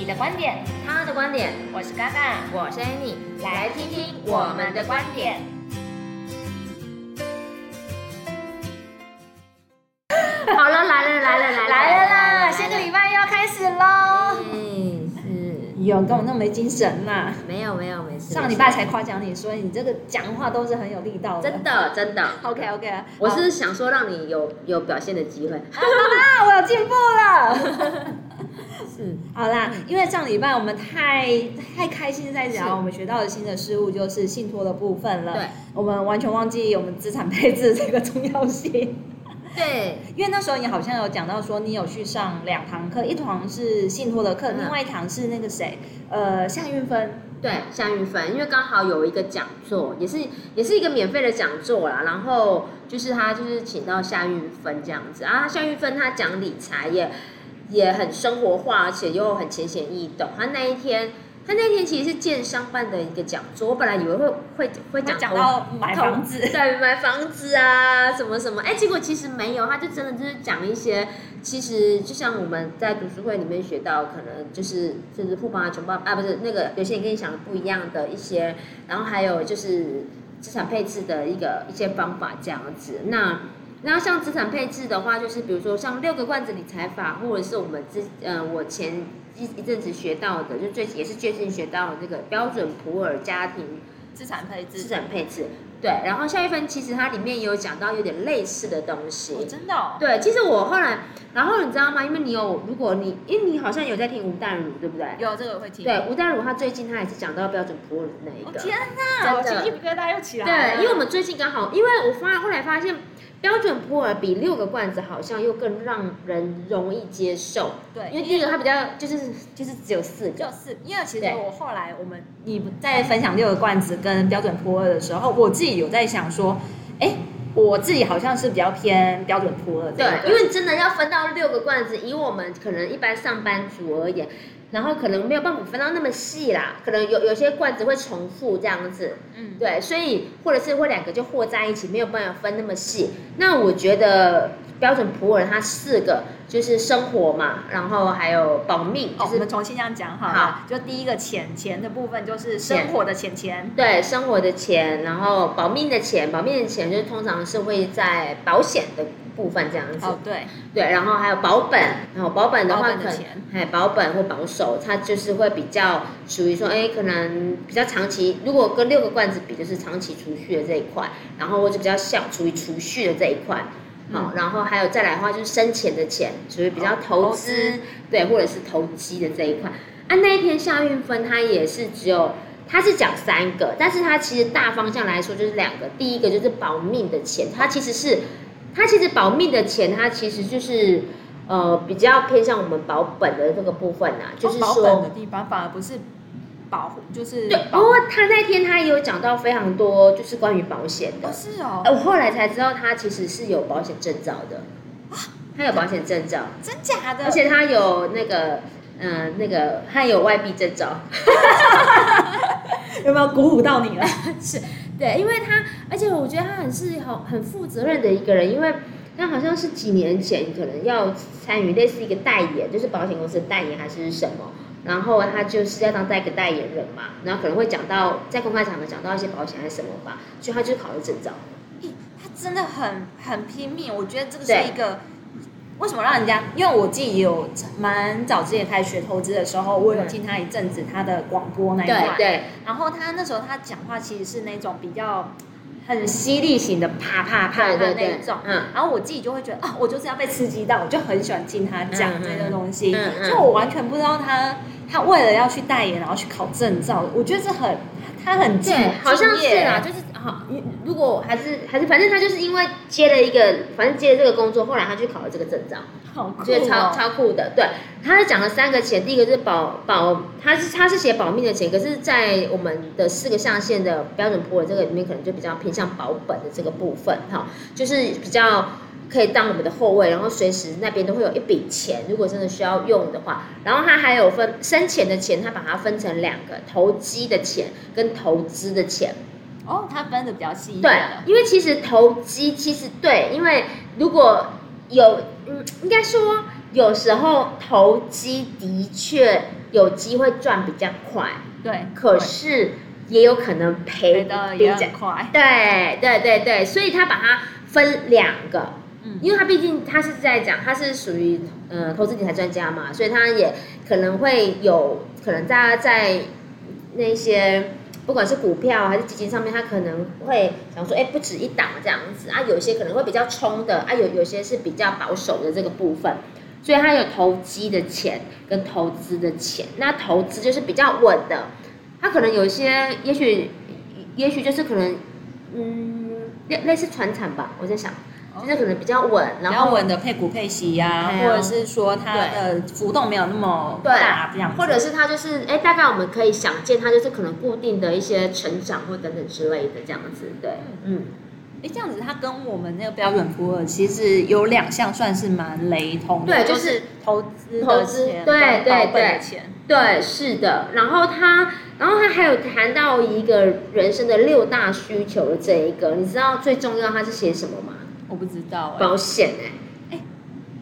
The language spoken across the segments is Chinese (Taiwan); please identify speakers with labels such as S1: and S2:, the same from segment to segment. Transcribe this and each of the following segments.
S1: 你的觀點，他的觀點，我是 Gaga，我是 Annie，來聽聽我們的觀點。好了，來了來了來了來了啦！下個禮拜又要開始嘍。嗯，是，有跟我那麼沒精神嘛？沒有沒有，沒事。上禮拜才誇獎你，所以你這個講話都是很有力道的，真的真的。OK OK，我是想說讓你有有表現的機會。啊，我有進步了。嗯，好啦，嗯、因為上禮拜我們太太開心在聊，在講是我們學到的新的事物就是信托的部分了。對，我們完全忘記我們資產配置這個重要性。對，因為那時候你好像有講到說，你有去上兩堂課，一堂是信托的課，嗯、另外一堂是那個誰，呃，夏韻芬。對，夏韻芬，因為剛好有一個講座，也是也是一個免費的講座啦。然後就是他就是請到夏韻芬這樣子啊，夏韻芬他講理財耶。也很生活化，而且又很淺顯易懂。他那一天，他那一天其實是建商辦的一個講座。我本來以為會會會講到買房子，知 在買房子啊什麼什麼，哎、欸，結果其實沒有，他就真的就是講一些，其實就像我們在讀書會裡面學到，可能就是就是富爸爸、窮爸爸啊，不是那個有些人跟你想的不一樣的一些，然後還有就是資產配置的一個一些方法這樣子。那。然後像資產配置的話，就是比如說像六個罐子理財法，或者是我們之嗯、呃，我前一一陣子學到的，就最也是最近學到的那個標準普爾家庭資產配置。資產配置，對，然後下一份其實它裡面也有講到有點類似的東西。哦、真的、哦？對，其實我後來，然後你知道嗎？因為你有如果你，因為你好像有在聽吳淡如，對不對？有這個我會聽。對，吳淡如他最近他也是講到標準普爾那一個。哦、天哪、啊！大家又起來了，對，因為我們最近剛好，因為我發後來發現。標準普爾比六個罐子好像又更讓人容易接受，對，因為第一個它比較就是就是只有四個，就是因為其實我後來我們對你在分享六個罐子跟標準普爾的時候，我自己有在想說，哎，我自己好像是比較偏標準普爾的。對，因為真的要分到六個罐子，以我們可能一般上班族而言，然後可能沒有辦法分到那麼細啦，可能有有些罐子會重複這樣子，嗯，對，所以或者是會兩個就和在一起，沒有辦法分那麼細。那我覺得標準普爾它四個就是生活嘛，然後還有保命，就是、哦、我們重新這樣講哈，好就第一個錢錢的部分就是生活的錢錢，錢，對，生活的錢，然後保命的錢，保命的錢就是通常是會在保險的部分這樣子，哦、對對，然後還有保本，然後保本的話可能，可哎保，保本或保守，它就是會比較屬於說，哎、嗯欸，可能比較長期。如果跟六個罐子比，就是長期儲蓄的這一塊，然後或者比較小，屬於儲蓄的這一塊、嗯喔，然後還有再來的話就是生錢的錢，屬於比較投資、哦、對，或者是投機的這一塊。按、嗯啊、那一天夏韻芬他也是只有他是講三個，但是他其實大方向來說就是兩個，第一個就是保命的錢，它其實是。他其實保命的錢，他其實就是，呃，比較偏向我們保本的這個部分吶、啊，就是保本的地方反而不是保，就是保對。保不過他那天他也有講到非常多，就是關於保險的。不是哦，我後來才知道他其實是有保險證照的。啊、他有保險證照，真假的？而且他有那個，嗯、呃，那個他有外幣證照， 有沒有鼓舞到你了？ 是。對，因為他，而且我覺得他很適合、很負責任的一個人，因為他好像是幾年前可能要參與類似一個代言，就是保險公司的代言還是什麼，然後他就是要當代個代言人嘛，然後可能會講到在公開場合講到一些保險還是什麼吧，所以他就考了證照。咦、欸，他真的很很拼命，我覺得這個是一個。為什麼讓人家？因為我自己有蠻早之前開始學投資的時候，我有聽他一陣子他的廣播那一段。對，對。然後他那時候他講話其實是那種比較很犀利型的，啪啪啪的那一種，對對對。嗯。然後我自己就會覺得啊、哦，我就是要被刺激到，我就很喜歡聽他講這、嗯、哼個東西。嗯嗯、所以我完全不知道他，他為了要去代言，然後去考證照，我覺得這很，他很敬業，好像是啊，就是。好，如果還是還是，反正他就是因為接了一個，反正接了這個工作，後來他去考了這個證照，就是、哦、超超酷的。對，他是講了三個錢，第一個是保保，他是他是寫保命的錢，可是，在我們的四個象限的標準普爾這個裡面，可能就比較偏向保本的這個部分哈，就是比較可以當我們的後衛，然後隨時那邊都會有一筆錢，如果真的需要用的話，然後他還有分生錢的錢，他把它分成兩個，投機的錢跟投資的錢。哦，oh, 他分的比較細。對，因為其實投機，其實對，因為如果有，嗯，應該說有時候投機的確有機會賺比較快，對，可是也有可能賠的比較快。對，對，對，對，所以他把它分兩個，嗯，因為他畢竟他是在講，他是屬於嗯投資理財專家嘛，所以他也可能會有可能大家在那些。嗯不管是股票還是基金上面，他可能會想說，哎，不止一檔這樣子啊，有些可能會比較衝的啊，有有些是比較保守的這個部分，所以他有投機的錢跟投資的錢。那投資就是比較穩的，他可能有些，也許也許就是可能，嗯，類類似傳產吧，我在想。現在可能比較穩，然後比較穩的配股配息啊，或者是說它的浮動沒有那麼大，這樣，或者是它就是哎，大概我們可以想見它就是可能固定的一些成長或者等等之類的這樣子，對，嗯，哎，這樣子它跟我們那個標準普爾其實有兩項算是蠻雷同的，對，就是投資錢投資對對對，對，對，對，嗯，是的，然後它然後它還有談到一個人生的六大需求的這一個，你知道最重要它是寫什麼嗎？我不知道哎、欸，保險哎、欸欸，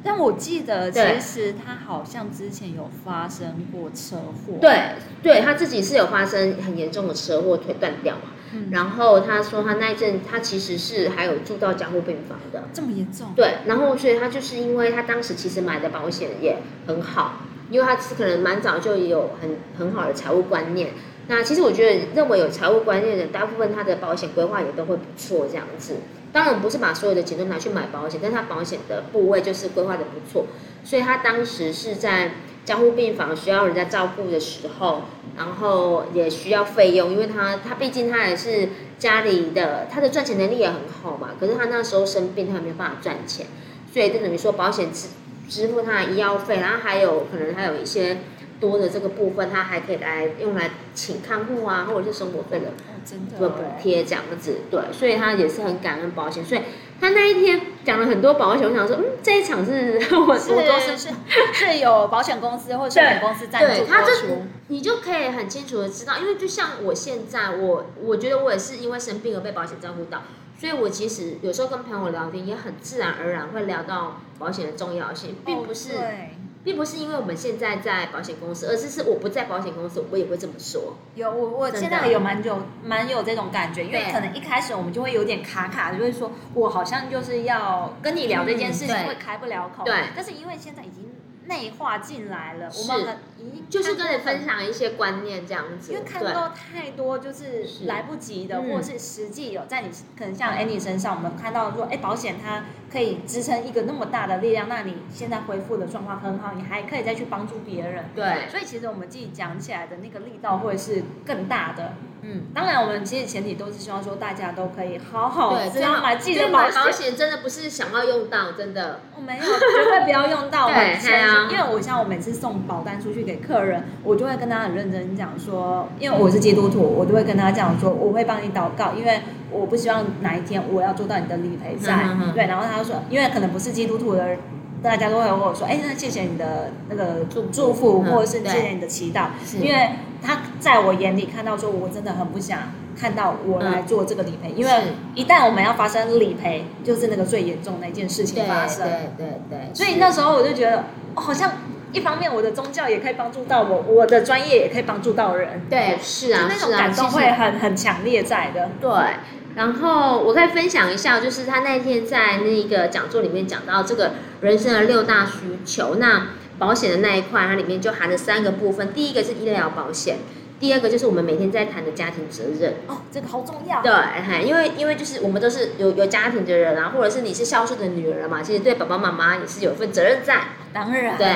S1: 但我記得其實他好像之前有發生過車禍，對對，他自己是有發生很嚴重的車禍，腿斷掉嘛，嗯，然後他說他那一陣他其實是還有住到加護病房的，這麼嚴重，對，然後所以他就是因為他當時其實買的保險也很好，因為他可能蠻早就有很很好的財務觀念，那其實我覺得認為有財務觀念的大部分他的保險規劃也都會不錯這樣子。當然不是把所有的錢都拿去買保險，但他保險的部位就是規劃得不錯，所以他當時是在加護病房需要人家照顧的時候，然後也需要費用，因為他他畢竟他也是家裡的，他的賺錢能力也很好嘛，可是他那時候生病他也沒有辦法賺錢，所以就等於說保險支支付他的醫藥費，然後還有可能還有一些。多的這個部分，他還可以來用來請看護啊，或者是生活費的補貼這樣子。哦，真的哦、對，所以他也是很感恩保險。所以他那一天講了很多保險，我想說，嗯，這一場是我，是我都是是，是有保險公司 或者有保險公司在做，對，他這，嗯、你就可以很清楚的知道，因為就像我現在，我我覺得我也是因為生病而被保險照顧到，所以我其實有時候跟朋友聊天也很自然而然會聊到保險的重要性，並不是、哦。對並不是因為我們現在在保險公司，而是是我不在保險公司，我也會這麼說。有我，我我現在還有蠻有蠻有這種感覺，因為可能一開始我們就會有點卡卡，就會、是、說我好像就是要跟你聊這件事情會、嗯、開不了口，對。但是因為現在已經。內化進來了，我們很，經就是跟你分享一些觀念這樣子，因為看到太多就是來不及的，對或者是實際有在你可能像 Annie 身上，我們看到說，哎，保險它可以支撐一個那麼大的力量，那你現在恢復的狀況很好，你還可以再去幫助別人，對，所以其實我們自己講起來的那個力道會是更大的。嗯，當然，我們其實前提都是希望說大家都可以好好，對，買自己的保險好保險，真的不是想要用到，真的我沒有絕對不要用到， 對，因為，我像我每次送保單出去給客人，我就會跟他很認真講說，因為我是基督徒，我就會跟他講說，我會幫你禱告，因為我不希望哪一天我要做到你的理賠在，嗯嗯嗯、對，然後他就說，因為可能不是基督徒的人，大家都會跟我說，哎、欸，那謝謝你的那個祝福，祝福嗯、或者是謝謝你的祈禱，嗯、因為。他在我眼裡看到，說我真的很不想看到我來做這個理賠，嗯、因為一旦我們要發生理賠，就是那個最嚴重的一件事情發生。對對對，對對對，所以那時候我就覺得，好像一方面我的宗教也可以幫助到我，我的專業也可以幫助到人。對，是啊，就那種感動會很、啊啊、很強烈在的。對，然後我再分享一下，就是他那天在那個講座裡面講到這個人生的六大需求，那。保險的那一塊，它裡面就含着三個部分，第一個是醫療保險，第二個就是我們每天在談的家庭責任哦，這個好重要。對，嗨，因為因為就是我們都是有有家庭的人，啊，或者是你是孝順的女兒嘛，其實對爸爸媽媽也是有份責任在。當然。對，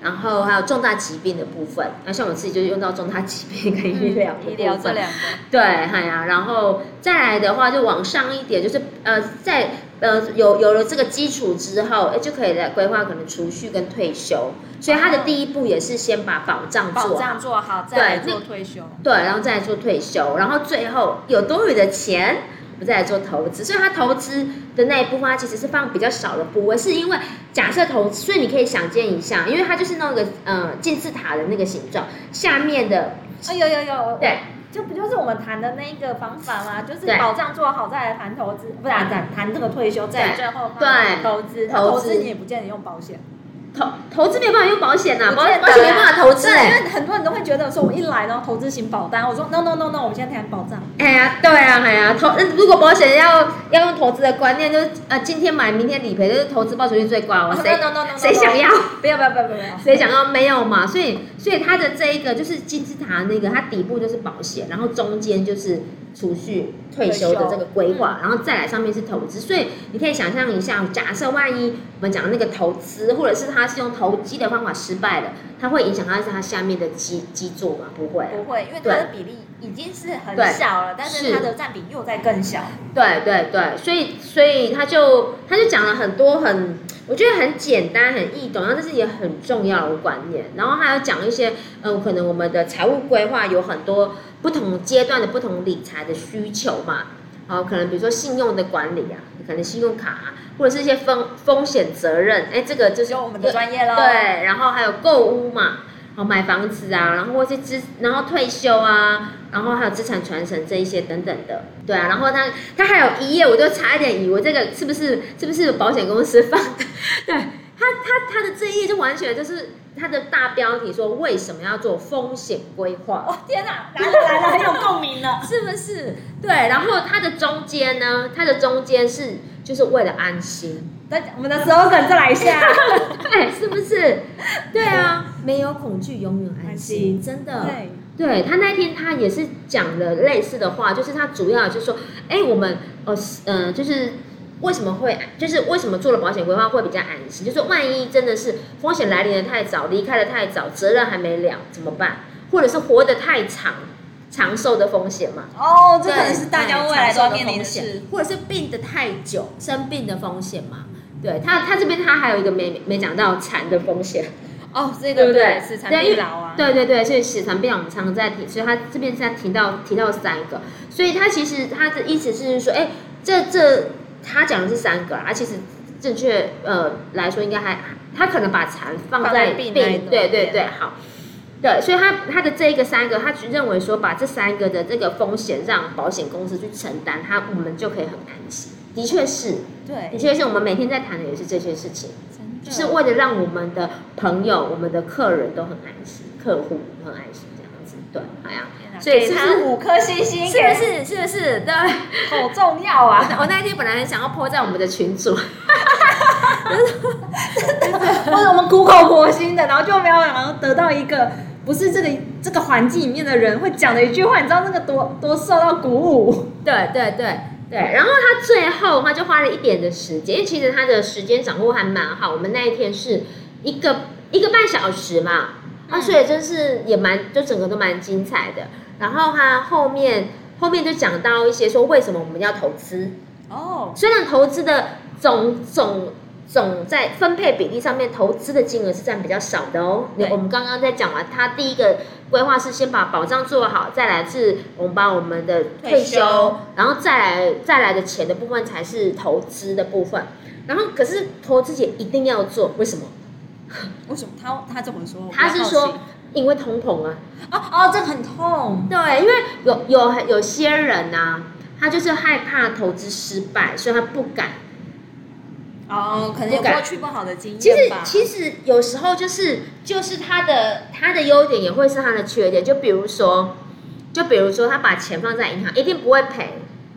S1: 然後還有重大疾病的部分，那像我自己就是用到重大疾病跟醫療、嗯。醫療這兩個。對，嗨啊，然後再來的話就往上一點，就是呃在。呃，有有了這個基礎之後誒，就可以來規劃可能儲蓄跟退休。所以他的第一步也是先把保障做好，保障做好，再做退休對。對，然後再來做退休，然後最後有多餘的錢，我再來做投資。所以他投資的那一部分，他其實是放比較少的部位，是因為假設投資，所以你可以想見一下，因為它就是那個呃金字塔的那個形狀，下面的，哎呦呦呦，有有有對。就不就是我們談的那個方法嗎、啊？就是保障做好，再來談投資，對不然再談這個退休，對再最後他他投對他投資，投資你也不見得用保險。資投投資沒辦法用保險呐、啊，啊、保險保險沒辦法投資、欸，因為很多人都會覺得說，我一來然後，投資型保單，我說 no no no no，我們現在談保障。哎呀，對啊，哎呀，投如果保險要要用投資的觀念，就是呃今天買明天理賠，就是投資報酬率最高，哦，我說誰，no no no no，誰想要，要？不要不要不要不要，誰想要？沒有嘛，所以所以它的這一個就是金字塔那個，它底部就是保險，然後中間就是。儲蓄、去退休的這個規劃，嗯、然後再來上面是投資，嗯、所以你可以想象一下，假設萬一我們講的那個投資，或者是它是用投機的方法失敗了，它會影響它是它下面的基基座嗎？不會，不會，因為它的比例已經是很小了，對但是它的佔比又在更小。對對對，所以所以他就他就講了很多很，我覺得很簡單、很易懂，然後但是也很重要的我觀念。然後他有講一些嗯、呃，可能我們的財務規劃有很多。不同階段的不同理財的需求嘛，好、哦，可能比如說信用的管理啊，可能信用卡啊，或者是一些風風險責任，哎、欸，這個就是我們的專業了。對，然後還有購物嘛，好買房子啊，然後或是資，然後退休啊，然後還有資產傳承這一些等等的，對啊，然後他他還有一頁，我就差一點以為這個是不是是不是保險公司放的，對，他他，他的這一頁就完全就是。他的大標題說：“為什麼要做風險規劃？”哦，天哪、啊，來了來了，很 有共鳴呢，是不是？對，然後它的中間呢，它的中間是，就是為了安心。我們的 slogan 再來一下，哎 是不是？ 對啊，沒有恐懼，永遠安心，安心真的。對，對他那天他也是講了類似的話，就是他主要就是說，哎、欸，我們哦，嗯、呃呃，就是。為什麼會，就是為什麼做了保險規劃會比較安心？就是說萬一真的是風險來臨得太早，離開得太早，責任還沒了怎麼辦？或者是活得太長，長壽的風險嘛？哦，這可能是大家未來都要面臨的事，或者是病得太久，生病的風險嘛？對他，他這邊他還有一個沒沒講到殘的風險哦，這個對，對不對？是殘啊、對，因為對對對，所以血殘變老常在提，所以他這邊現在提到提到三個，所以他其實他的意思是說，哎、欸，這這。他講的是三個，而、啊、其實正確呃來說應該還，他可能把殘放在病，對對對，對好，對，所以他他的這一個三個，他只認為說把這三個的這個風險讓保險公司去承擔，他，我們就可以很安心。嗯、的確是，對，的確是，我們每天在談的也是這些事情，的是為了讓我們的朋友、對我們的客人都很安心，客戶都很安心這樣子，對，好、嗯、哎、呀。所以是，是五顆星星，是不是？是不是？對，好重要啊！我那一天本來很想要 PO 在我們的群組，真的，真的，我們苦口婆心的，然後就沒有，然後得到一個不是這個這個環境裡面的人會講的一句話，你知道那個多多受到鼓舞。對對對對，然後他最後他就花了一點的時間，因為其實他的時間掌握還蠻好。我們那一天是一個一個半小時嘛，嗯、啊，所以就是也蠻就整個都蠻精彩的。然後他後面後面就講到一些說，為什麼我們要投資哦，oh. 雖然投資的總總總在分配比例上面，投資的金額是佔比較少的哦。對我們剛剛在講完，他第一個規劃是先把保障做好，再來是我們把我們的退休，配修然後再來再來的錢的部分才是投資的部分。然後可是投資也一定要做，為什麼？為什麼他他這麼說？他是說。因為通膨啊，哦哦，這很痛。對，因為有有有些人呢、啊，他就是害怕投資失敗，所以他不敢。哦，可能有過去不好的經驗。其實其實有時候就是就是他的他的優點也會是他的缺點，就比如說就比如說他把錢放在銀行，一定不會賠。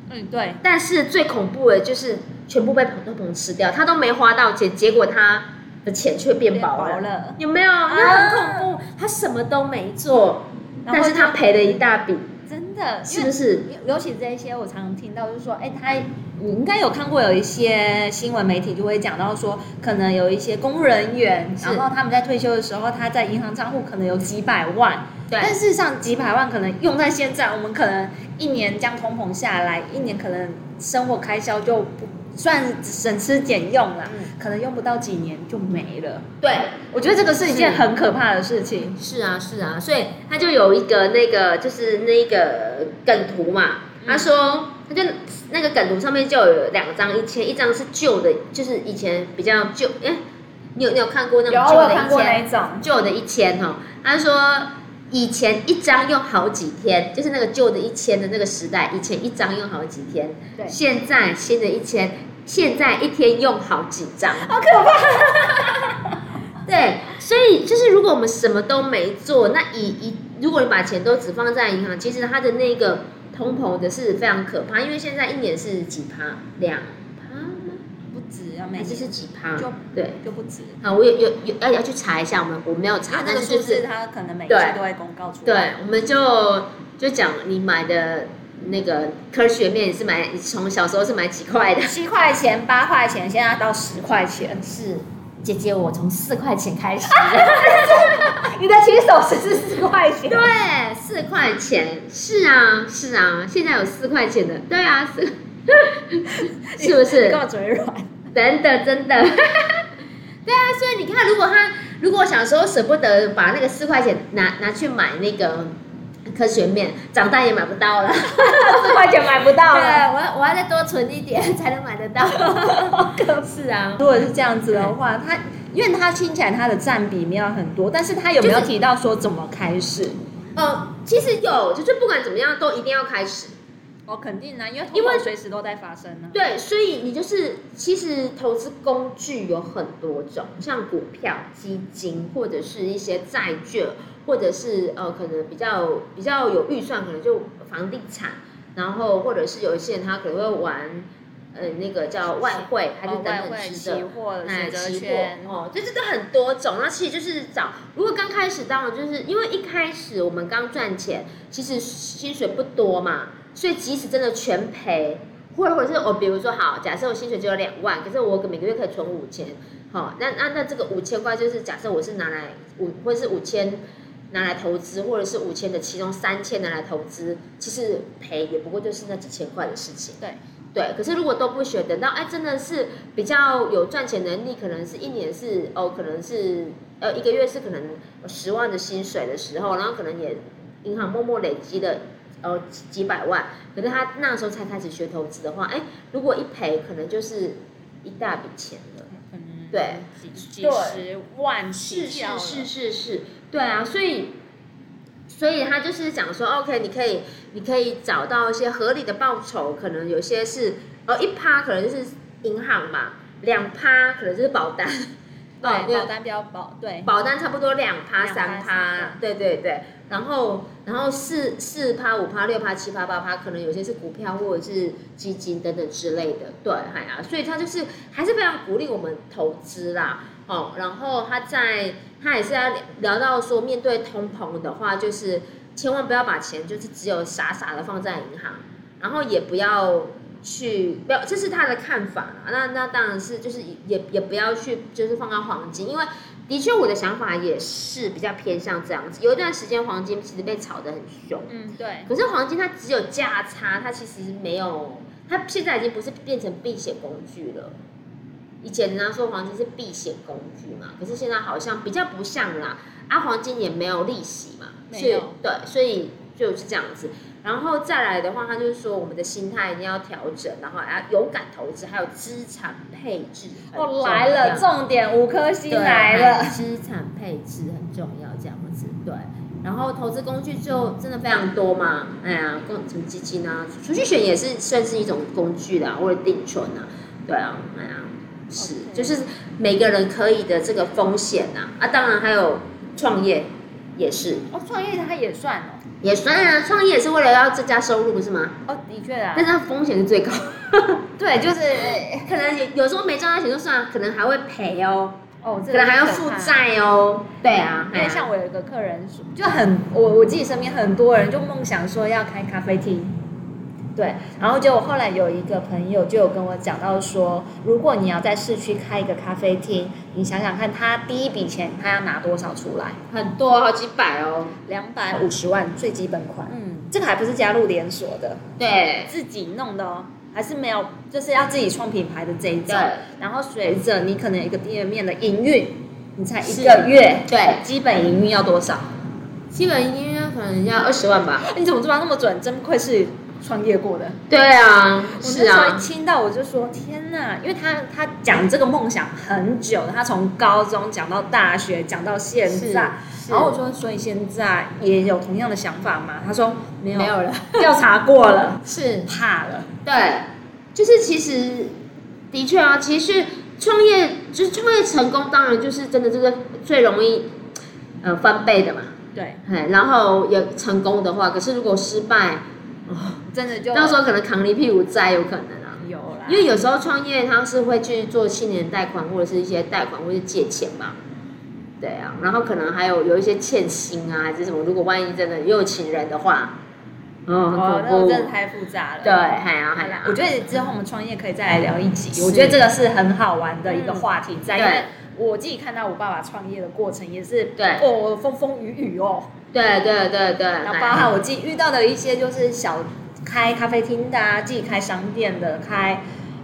S1: 嗯，對。但是最恐怖的就是全部被通膨吃掉，他都沒花到錢，結果他的錢卻變薄了，薄了有沒有、啊？那、啊、很恐怖。他什麼都沒做，
S2: 但是他
S1: 賠了一大筆，真的，是不是？尤其這一些，我常常聽到，就是說，哎、欸，他你應該有看過，有一些新聞媒體就會講到說，可能有一些公務人員，是然後他們在退休的時候，他在銀行賬戶可能有幾百萬，對，但事實上幾百萬可能用在現在，我們可能一年將通膨下來，一年可能生活開銷就不。算省吃儉用了，嗯、可能用不到幾年就沒了。對，我覺得這個是一件很可怕的事情。是，是啊，是啊，所以他就有一個那個就是那個梗圖嘛，他說他、嗯、就那個梗圖上面就有兩張一千，一張是舊的，就是以前比較舊，哎，你有你有看過那舊的一千？有，看過那張舊的一千哈、哦。他說以前一張用好幾天，就是那個舊的一千的那個時代，以前一張用好幾天。對現在新的一千。現在一天用好幾張，好可怕！對，所以就是如果我們什麼都沒做，那以一，如果你把錢都只放在銀行，其實它的那個通膨的是非常可怕，因為現在一年是幾趴，兩趴嗎？不止啊，還是是幾趴，對，就不止。好，我有有有要、啊、要去查一下，我們我沒有查，那個數字，但是、就是？是，它可能每一次都會公告出來。對，我們就就講你買的。那個科學麵你是買，你從小時候是買幾塊的，七塊錢、八塊錢，現在到十塊錢。是姐姐，我從四塊錢開始。啊、 你的起手是是四塊錢。對，四塊錢是、啊。是啊，是啊，現在有四塊錢的。對啊，是，你是不是？夠嘴軟。真的，真的。 對啊，所以你看，如果他如果小時候舍不得把那個四塊錢拿拿去買那個。科學麵長大也買不到了， 四塊錢買不到了。 對啊，我要我要再多存一點才能買得到。 更是啊， 如果是這樣子的話，他，因為他聽起來他的佔比沒有很多，但是他有沒有提到說怎麼開始？嗯、就是呃，其實有，就是不管怎麼樣都一定要開始。哦，我肯定啊，因為因為隨時都在發生呢、啊。對，所以你就是其實投資工具有很多種，像股票、基金，或者是一些債券，或者是呃，可能比較比較有預算，可能就房地產，然後或者是有一些人他可能會玩呃那個叫外匯，其還是等等之類的。哦、期貨、選擇權、哦，就是這很多種。那其實就是找，如果剛開始當然就是因為一開始我們剛賺錢，其實薪水不多嘛。所以即使真的全賠，或者或者是我、哦，比如說好，假設我薪水只有兩萬，可是我每個月可以存五千，好、哦，那那那這個五千塊就是假設我是拿來五，5, 或者是五千拿來投資，或者是五千的其中三千拿來投資，其實賠也不過就是那幾千塊的事情。對，對，可是如果都不選，等到哎真的是比較有賺錢能力，可能是一年是哦，可能是呃一個月是可能十萬的薪水的時候，然後可能也銀行默默累積的。哦，幾幾百萬，可是他那時候才開始學投資的話，哎，如果一賠，可能就是一大筆錢了，能對，幾，幾十萬起跳了，是是是是是，對啊，對所以，所以他就是想說對，OK，你可以，你可以找到一些合理的報酬，可能有些是，哦，一趴可能就是銀行嘛，兩趴可能就是保單。哦、保單、保保，對，保單差不多兩趴、三趴，2、3趴，對，對對對，然後、嗯、然後四四趴、五趴、六趴、七趴、八趴，可能有些是股票或者是基金等等之類的，對，哎呀，所以他就是還是非常鼓勵我們投資啦，哦，然後他在他也是要聊到說，面對通膨的話，就是千萬不要把錢就是只有傻傻的放在銀行，然後也不要。去不要，這是他的看法啊。那那當然是就是也也不要去，就是放到黃金，因為的確我的想法也是比較偏向這樣子。有一段時間黃金其實被炒得很凶，嗯，對。可是黃金它只有價差，它其實沒有，它現在已經不是變成避險工具了。以前人家說黃金是避險工具嘛，可是現在好像比較不像啦。啊，黃金也沒有利息嘛，沒有。對，所以。就是這樣子，然後再來的話，他就是說我們的心態一定要調整，然後要勇敢投資，還有資產配置哦，來了，重點五顆星來了，啊，資產配置很重要，這樣子對，然後投資工具就真的非常多嘛，哎呀、嗯，公、啊、什麼基金啊，儲蓄險也是算是一種工具啦，或者定存啊，對啊，哎呀、啊，是 Okay. 就是每個人可以的這個風險吶、啊，啊當然還有創業也是，哦創業它也算哦。也算啊，創業也是為了要增加收入，不是嗎？哦，的確啊。但是它風險是最高， 對，就是、呃、可能有時候沒賺到錢就算了，可能還會賠哦，哦，這個、可、可能還要負債哦，嗯、對啊。因為像我有一個客人，就很我我自己身邊很多人就夢想說要開咖啡廳。對，然後就後來有一個朋友就有跟我講到說，如果你要在市區開一個咖啡廳，你想想看，他第一筆錢他要拿多少出來？很多，好幾百哦，兩百五十萬最基本款。嗯，這個還不是加入連鎖的，對、呃，自己弄的哦，還是沒有，就是要自己創品牌的這一種。對然後隨着你可能一個店面的營運，你猜一個月對基本營運要多少？基本營運要可能要二十萬吧？你怎麼知道那麼準？真不愧是。創業過的，對啊是，我那時候一聽到我就說、啊、天哪，因為他他講這個夢想很久，他從高中講到大學，講到現在。然後我說，所以現在也有同樣的想法嗎？他說沒有，沒有了，調查過了， 是怕了。對，就是其實的確啊，其實創業就是創業成功，當然就是真的這個最容易呃翻倍的嘛。對，然後有成功的話，可是如果失敗。哦、真的就到時候可能扛一屁股債，有可能啊，有啦，因為有時候創業他是會去做青年貸款或者是一些貸款或者借錢嘛，對啊，然後可能還有有一些欠薪啊還是什麼，如果萬一真的又有情人的話，嗯、哦，哦，那我真的太複雜了，對，太難太難。好要我覺得之後我們創業可以再來聊一集，嗯、我覺得這個是很好玩的一個話題在，嗯對我自己看到我爸爸創業的過程也是對，哦，風風雨雨哦，對對對對，然後包含我自己遇到的一些，就是小開咖啡廳的，自己開商店的，開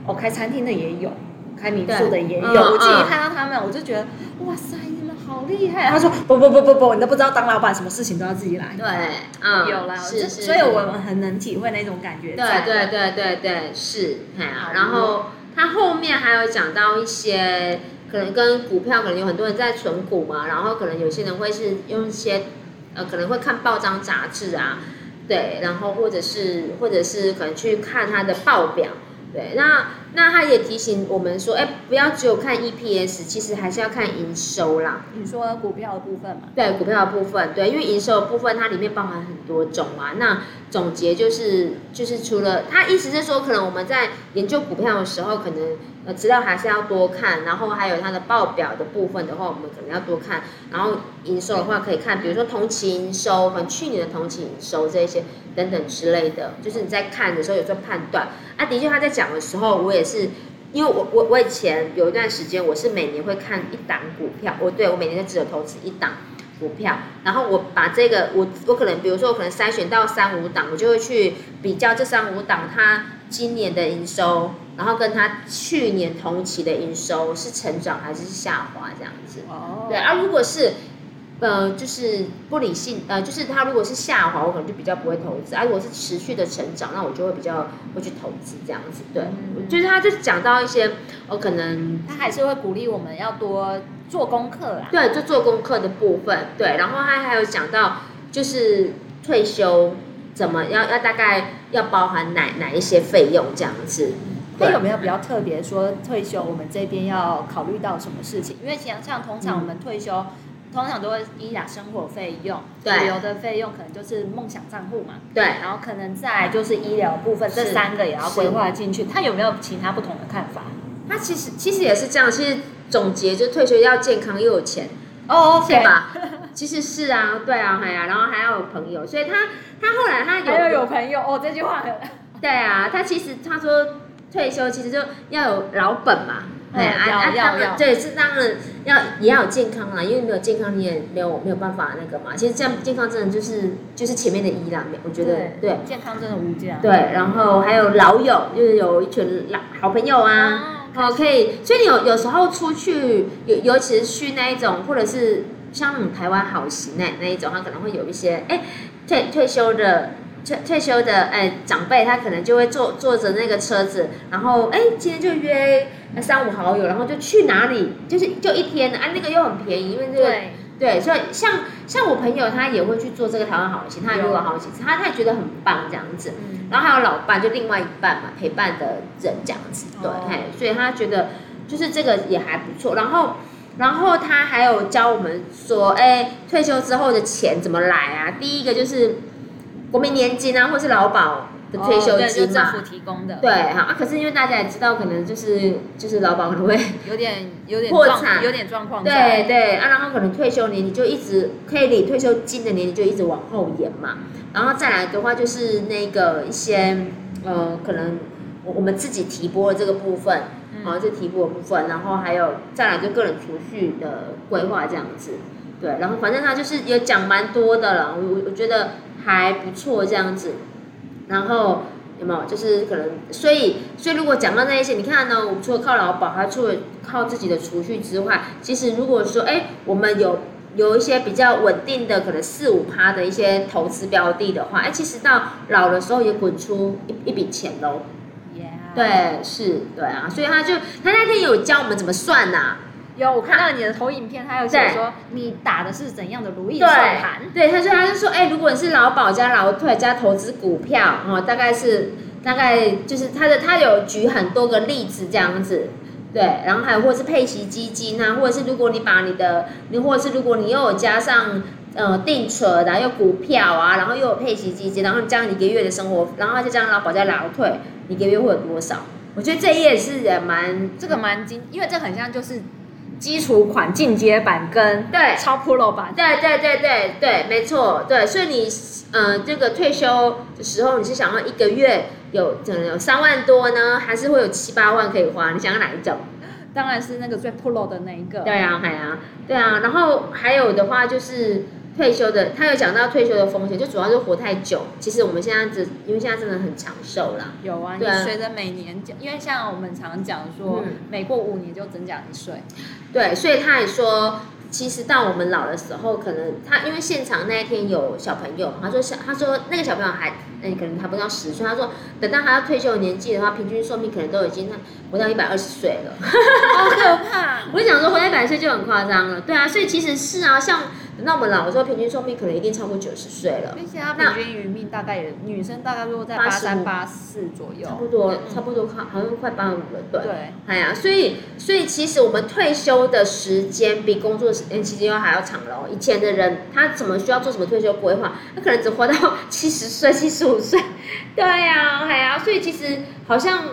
S1: 哦開餐廳的也有，開民宿的也有。我自己看到他們，我就覺得哇塞，你們好厲害！他說不不不不不，你都不知道當老板什麼事情都要自己來。對，嗯，有了，是，所以我很能體會那種感覺。對對對對對，是，然後他後面還有講到一些。可能跟股票，可能有很多人在存股嘛，然後可能有些人會是用一些，呃，可能會看報章雜誌啊，對，然後或者是或者是可能去看他的報表，對，那那他也提醒我們說，哎、欸，不要只有看 EPS，其實還是要看營收啦。你說股票的部分嘛？對，股票的部分，對，因為營收的部分它裡面包含很多種嘛，那總結就是就是除了他意思是說，可能我們在研究股票的時候，可能。呃，資料還是要多看，然後還有它的報表的部分的話，我們可能要多看，然後營收的話可以看，比如說同期營收和去年的同期營收這一些等等之類的，就是你在看的時候有做判斷啊。的確，他在講的時候，我也是，因為我我我以前有一段時間，我是每年會看一檔股票，我對我每年就只有投資一檔股票，然後我把這個我我可能比如說我可能篩選到三五檔，我就會去比較這三五檔它今年的營收。然後跟他去年同期的營收是成長還是下滑這樣子？對啊，如果是，呃，就是不理性，呃，就是他如果是下滑，我可能就比較不會投資啊。如果是持續的成長，那我就會比較會去投資這樣子。對，就是他就講到一些，我、哦、可能他還是會鼓勵我們要多做功課啦、啊。對，就做功課的部分。對，然後他還有講到就是退休怎麼要要大概要包含哪哪一些費用這樣子。對他有沒有比較特別說退休？我們這邊要考慮到什麼事情？因為像像通常我們退休，嗯、通常都會醫療生活費用，旅遊對的費用可能就是夢想賬戶嘛。對，然後可能再來，就是醫療部分，這三個也要規劃進去。他有沒有其他不同的看法？他其實其實也是這樣，其實總結就是、退休要健康又有錢哦，oh, okay 是吧？其實是啊，對啊，還呀、啊啊，然後還要有朋友，所以他他後來他還要有，有朋友哦，這句話很對啊。他其實他說。退休其實就要有老本嘛，對、嗯，要要、啊、要，們要對，是當然要也要有健康啊，嗯、因為沒有健康你也沒有沒有辦法那個嘛。其實這樣健康真的就是、嗯、就是前面的一啦，我覺得、嗯、對，健康真的無價。對，然後還有老友，就是有一群老好朋友啊，哦、嗯、可以，所以你有有時候出去，尤尤其是去那一種，或者是像台灣好行呢那、那一種，他可能會有一些哎、欸、退退休的。退退休的哎、欸，長輩他可能就會坐坐着那個車子，然後哎、欸，今天就約三五好友，然後就去哪裡，就是就一天啊，那個又很便宜，因為這個對，對，所以像像我朋友他也會去做這個台灣好行，他也做了好幾次，對他他也覺得很棒這樣子，嗯、然後還有老伴就另外一半嘛，陪伴的人這樣子，對，哦、所以他覺得就是這個也還不錯，然後然後他還有教我們說，哎、欸，退休之後的錢怎麼來啊？第一個就是。國民年金啊，或是勞保的退休金嘛，哦、對，就是政府提供的。對哈、啊，可是因為大家也知道，可能就是、嗯、就是勞保可能會有點有點破產，有點狀況。對對，嗯、啊，然後可能退休年齡就一直可以領退休金的年齡就一直往後延嘛。然後再來的話，就是那個一些呃，可能我我們自己提撥的這個部分，然後、嗯啊、這個、提撥的部分，然後還有再來就個人儲蓄的規劃這樣子。對，然後反正他就是也講蠻多的了，我我覺得。還不錯這樣子，然後有沒有就是可能，所以所以如果講到那一些，你看呢、喔，我們除了靠勞保，他除了靠自己的儲蓄之外，其實如果說哎、欸，我們有有一些比較穩定的，可能四五趴的一些投資標的的話，哎、欸，其實到老的時候也滾出一筆錢嘍。Yeah. 對，是，對啊，所以他就他那天有教我們怎麼算吶、啊。有，我看到你的投影片，他哈有寫說對你打的是怎樣的如意算盤？對，他說，他就說，哎、欸，如果你是勞保加勞退加投資股票哦，大概是大概就是他的，他有舉很多個例子這樣子，對，然後還有或者是配息基金啊，或者是如果你把你的，你或者是如果你又有加上呃定存然後、啊、又股票啊，然後又有配息基金，然後你一個月的生活，然後他就加勞保加勞退，你一個月會有多少？我覺得這頁是也蠻，嗯、這個蠻精，因為這很像就是。基礎款、進階版跟對超 pro 版對。對對對對對，沒錯，對。所以你，嗯、呃，這個退休的時候，你是想要一個月有整有三萬多呢，還是會有七八萬可以花？你想要哪一種？當然是那個最 pro 的那一個。對啊，對啊，對啊。然後還有的話就是。退休的，他有講到退休的風險，就主要是活太久。其實我們現在只因為現在真的很長壽啦。有啊，對啊，你隨着每年，因為像我們常講說，嗯、每過五年就增加一歲。對，所以他也說，其實到我們老的時候，可能他因為現場那一天有小朋友，他說小，他說那個小朋友還，嗯，可能他不到十歲，他說等到他要退休的年紀的話，平均壽命可能都已經他活到一百二十歲了，好可怕。 我想說活到百歲就很誇張了，對啊，所以其實是啊，像。那我們老的時候，平均壽命可能一定超過九十歲了。因為他平均餘命大概也，那女生大概都在八三八四左右。差不多，嗯、差不多，好像快八五了，嗯、對。對。哎呀，所以，所以其實我們退休的時間比工作時間其實要還要長了，哦。以前的人他怎麼需要做什麼退休規劃？他可能只活到七十歲、七十五歲。對啊，哎啊。所以其實好像。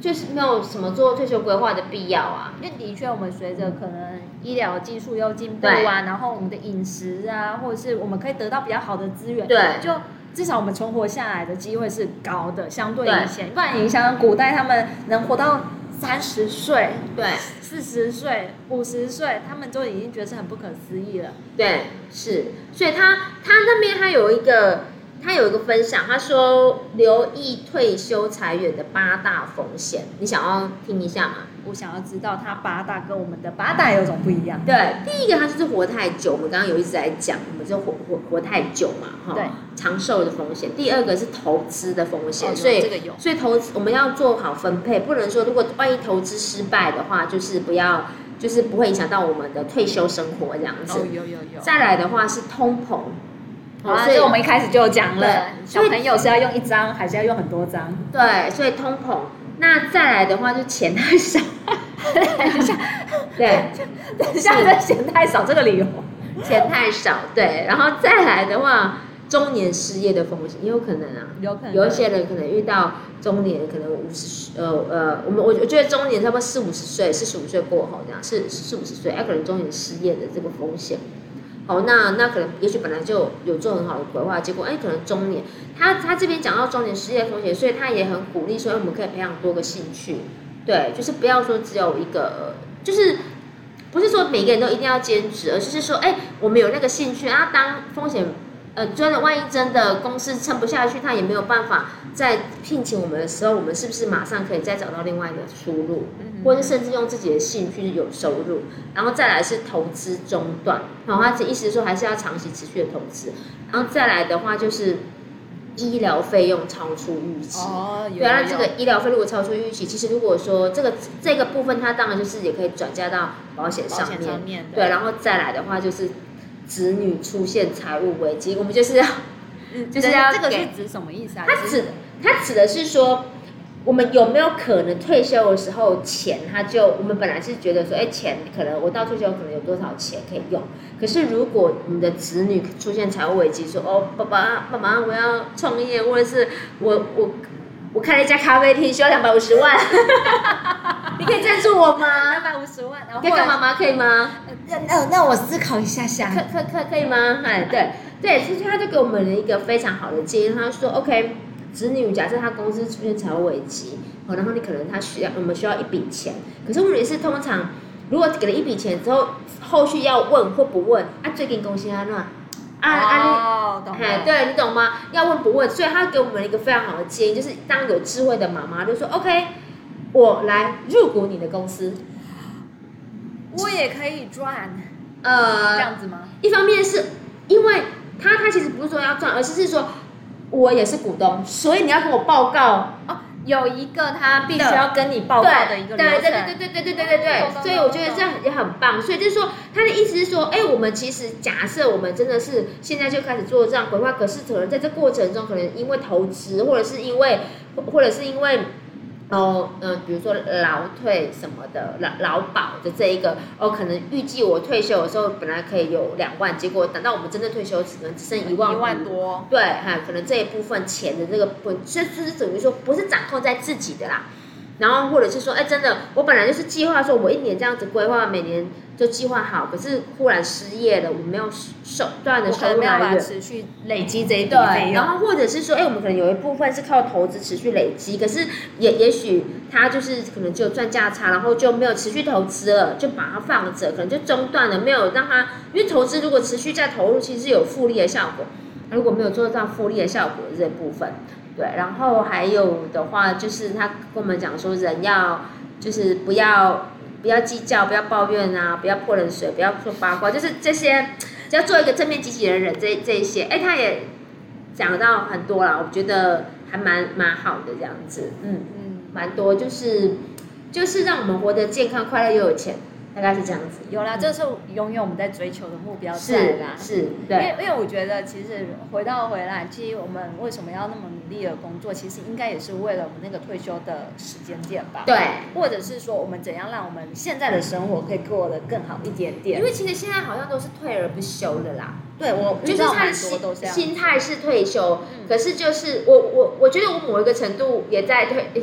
S1: 就是沒有什麼做退休規劃的必要啊，因為的確我們隨着可能醫療技術又進步啊，對然後我們的飲食啊，或者是我們可以得到比較好的資源，對，就至少我們存活下來的機會是高的，相對以前，對不然你想想古代他們能活到三十歲，對，四十,對四十歲、五十歲，他們都已經覺得是很不可思議了，對，是，所以他他那邊他有一個。他有一個分享，他說，留意退休財源的八大風險，你想要聽一下嗎？我想要知道他八大跟我們的八大有什麼不一樣？對，第一個他就是活太久，我們剛剛有一直在講，我們就活活活太久嘛，哈，對，長壽的風險。第二個是投資的風險，哦、所以這個有，所以投資我們要做好分配，不能說如果萬一投資失敗的話，就是不要，就是不會影響到我們的退休生活這樣子。有有有有。有有再來的話是通膨。好，所以，所以我們一開始就講了，小朋友是要用一張，還是要用很多張？對，所以通膨。那再來的話，就錢太少。 對， 是等一下嫌太少這個理由。錢太少，對。然後再來的話，中年失業的風險也有可能啊，有可能有一些人可能遇到中年，可能五十歲，呃呃，我們我覺得中年差不多四五十歲，四十五歲過後這樣，四四五十歲，40, 歲還可能中年失業的這個風險。好，oh, 那那可能也許本來就有做很好的規劃，結果哎、欸，可能中年，他他這邊講到中年失業風險，所以他也很鼓勵說，我們可以培養多個興趣，對，就是不要說只有一個，就是不是說每個人都一定要兼職，而是是說，哎、欸，我們有那個興趣啊，當風險。呃，真的，萬一真的公司撐不下去，他也沒有辦法再聘請我們的時候，我們是不是馬上可以再找到另外一個出路，嗯、或者甚至用自己的興趣有收入？然後再來是投資中斷，好，他這意思說還是要長期持續的投資。然後再來的話就是醫療費用超出預期，哦、對啊，那這個醫療費如果超出預期，其實如果說這個這個部分，它當然就是也可以轉嫁到保險上面，面對，對，然後再來的話就是。子女出現財務危機，我們就是要，就是要給。這個是指什麼意思啊？他指他指的是說，我們有沒有可能退休的時候錢他就我們本來是覺得說，哎、欸，錢可能我到退休可能有多少錢可以用？可是如果你的子女出現財務危機，說哦，爸爸、媽媽，我要創業，或者是我我。我開了一家咖啡廳，需要兩百五十萬， 你可以贊助我嗎？兩百五十萬，然後可以乾媽媽可以嗎、嗯那？那我思考一下下。可可可，可以嗎？ 哎，對對，所以他就給我們了一個非常好的建議，他就說：“OK，子女，假設他公司出現財務危機好，然後你可能他需要，我、嗯、們需要一筆錢，可是問題是，通常，如果給了一筆錢之後，後續要問或不問，啊，最近公司安亂。安安利，哎，對，你懂嗎？要問不問，所以他給我們一個非常好的建議，就是當有智慧的媽媽就說：“OK，我來入股你的公司，我也可以賺。”呃，這樣子嗎？一方面是因為他，他其實不是說要賺，而是是說我也是股東，所以你要跟我報告哦。有一個他必須要跟你報告的一個人對，對對對對對對對對對，對、哦，哦哦哦，所以我覺得這樣也很棒。所以就是說，他的意思是說，哎，我們其實假設我們真的是現在就開始做這樣規劃，可是可能在這過程中，可能因為投資，或者是因為，或者是因為。然後，嗯、哦呃，比如說勞退什麼的，勞勞保的這一個，哦，可能預計我退休的時候本來可以有兩萬，結果等到我們真正退休，只能只剩一萬，一萬多，一萬多，對，哈，可能這一部分錢的這、那個分，這就是等於說不是掌控在自己的啦。然後或者是說，哎，真的，我本來就是計劃說，我一年這樣子規劃，每年就計劃好。可是忽然失業了，我沒有手段的收入來持續累積這一段。對哎、呦然後或者是說，哎，我們可能有一部分是靠投資持續累積，可是也也許他就是可能就賺價差，然後就沒有持續投資了，就把它放着，可能就中斷了，沒有讓它，因為投資如果持續在投入，其實是有複利的效果。如果沒有做到複利的效果，這部分。對，然後還有的話就是他跟我們講說，人要就是不要不要計較，不要抱怨啊，不要潑冷水，不要說八卦，就是這些，只要做一個正面積極的人。這這些，哎，他也講到很多啦，我覺得還蠻蠻好的這樣子，嗯嗯，蠻多，就是就是讓我們活得健康、快樂又有錢。應該是這樣子，有了啦，嗯、這是擁有我們在追求的目標啦。是的，是，因為因為我覺得其實回到回來，其實我們為什麼要那麼努力的工作？其實應該也是為了我們那個退休的時間點吧？對，或者是說我們怎樣讓我們現在的生活可以過得更好一點點？因為其實現在好像都是退而不休的啦。嗯、對我，我多都是就是他心心態是退休，嗯、可是就是我我我覺得我某一個程度也在退、欸，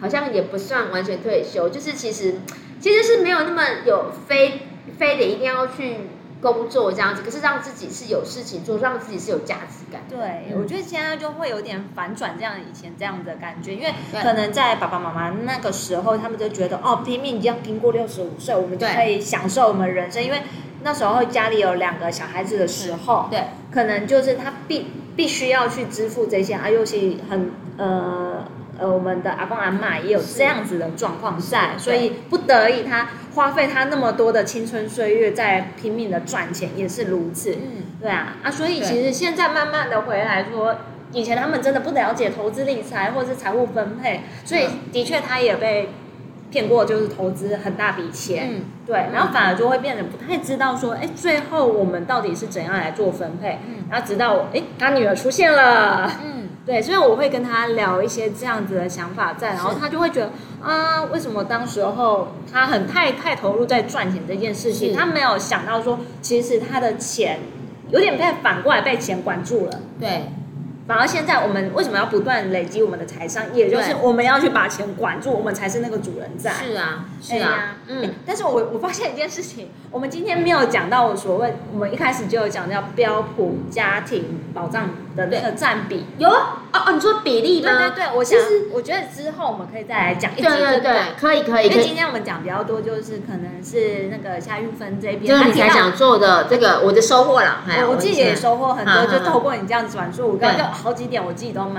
S1: 好像也不算完全退休，就是其實、嗯。其實是沒有那麼有非非得一定要去工作這樣子，可是讓自己是有事情做，讓自己是有價值感。對，我覺得現在就會有點反轉，這樣以前這樣的感覺，因為可能在爸爸媽媽那個時候，他們就覺得哦，拼命這樣拼過六十五歲，我們就可以享受我們人生。因為那時候家裡有兩個小孩子的時候，嗯、對，可能就是他必必須要去支付這些，啊，且又是很呃。呃，我們的阿公阿媽也有這樣子的狀況在，所以不得已他花費他那麼多的青春歲月在拼命的賺錢，也是如此。嗯，對啊，啊，所以其實現在慢慢的回來說，對以前他們真的不了解投資理財或者是財務分配，所以的確他也被騙過，就是投資很大筆錢，嗯、對，然後反而就會變得不太知道說，哎、欸，最後我們到底是怎樣來做分配？嗯，然後直到我、哎，他、欸、女兒出現了，嗯。對，所以我會跟他聊一些這樣子的想法在，是然後他就會覺得，啊，為什麼當時候他很太太投入在賺錢這件事情，嗯、他沒有想到說，其實他的錢有點被反過來被錢管住了。對，反而現在我們為什麼要不斷累積我們的財商，也就是我們要去把錢管住，對我們才是那個主人在。是啊，是啊，哎、呀嗯。但是我我發現一件事情，我們今天沒有講到所謂，我們一開始就有講到標普家庭保障、嗯。的佔比有哦哦，你說比例嗎？對對對，我其實我覺得之後我們可以再來講。對對對，可以可以。因為今天我們講比較多，就是可能是那個夏韻芬這一邊。就是你才講做的這個，我的收穫了。我我自己也收穫很多，就透過你這樣轉述，我感覺有好幾點，我自己都蠻。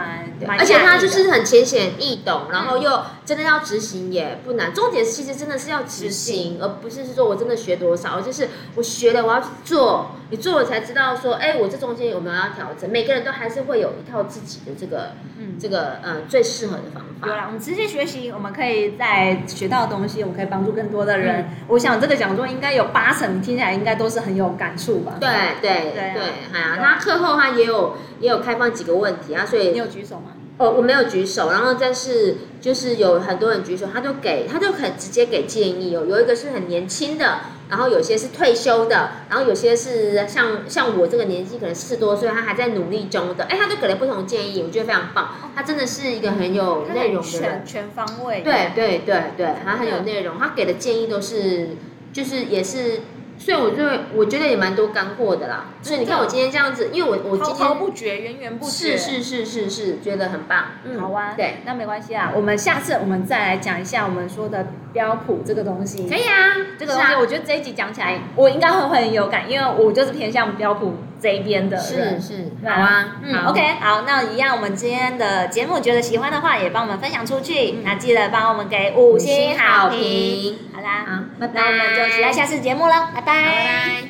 S1: 而且他就是很淺顯易懂，然後又真的要執行也不難。重點其實真的是要執行，而不是說我真的學多少，而就是我學了我要去做，你做了才知道說，哎，我這中間有沒有要調整？每個人都。還是會有一套自己的這個，嗯，這個呃、嗯，最適合的方法。有啦，我們直接學習，我們可以再學到的東西，我們可以幫助更多的人。嗯、我想這個講座應該有八成聽起來應該都是很有感觸吧？對對對對，是啊、嗯，那課後他也有也有開放幾個問題啊，所以你有舉手嗎？哦、呃，我沒有舉手，然後但是。就是有很多人舉手，他就給他就很直接給建議哦、喔。有一個是很年輕的，然後有些是退休的，然後有些是像像我這個年紀可能四十多歲，他還在努力中的。哎、欸，他就給了不同建議，我覺得非常棒。他真的是一個很有內容的人，嗯、全全方位對。對對對對，他很有內容，他給的建議都是就是也是。所以我就我覺得也蠻多乾貨的啦，所以你看我今天這樣子，因為我我今天滔滔不絕，源源不絕，是是是是是，覺得很棒，嗯，好啊，對，那沒關係啊，我們下次我們再來講一下我們說的。標普這個東西可以啊，這個東西我覺得這一集講起來，我應該會很有感，因為我就是偏向標普這一邊的人，是是，好啊，嗯，OK，好，那一樣，我們今天的節目覺得喜歡的話，也幫我們分享出去，那記得幫我們給五星好評，好啦，好，那我們就期待下次節目嘍，拜拜。